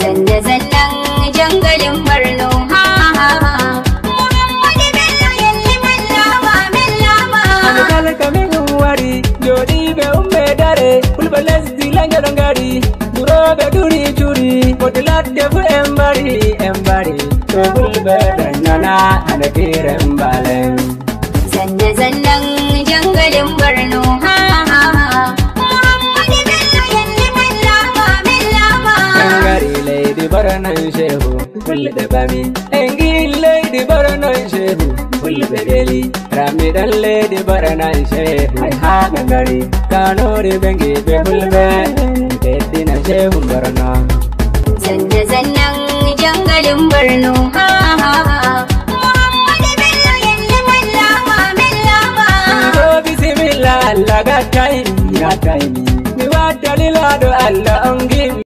Zanda-zandan jangalin Borno ha ha ha. Muhammadu Bello yalli mallama millama. Alkala jodi umme dare kulbalas dilanga dongari duro be duri juri kodilate bu baranan shehu kulli da bami engin lady baranan shehu kulli bedeli rami dan lady baranan shehu ai ha gangari kanori bengi be kulbe dedina shehu barna zanna zannan jangalin barno ha ha ha Allah ga kai ya kai ni wa dalila do Allah angin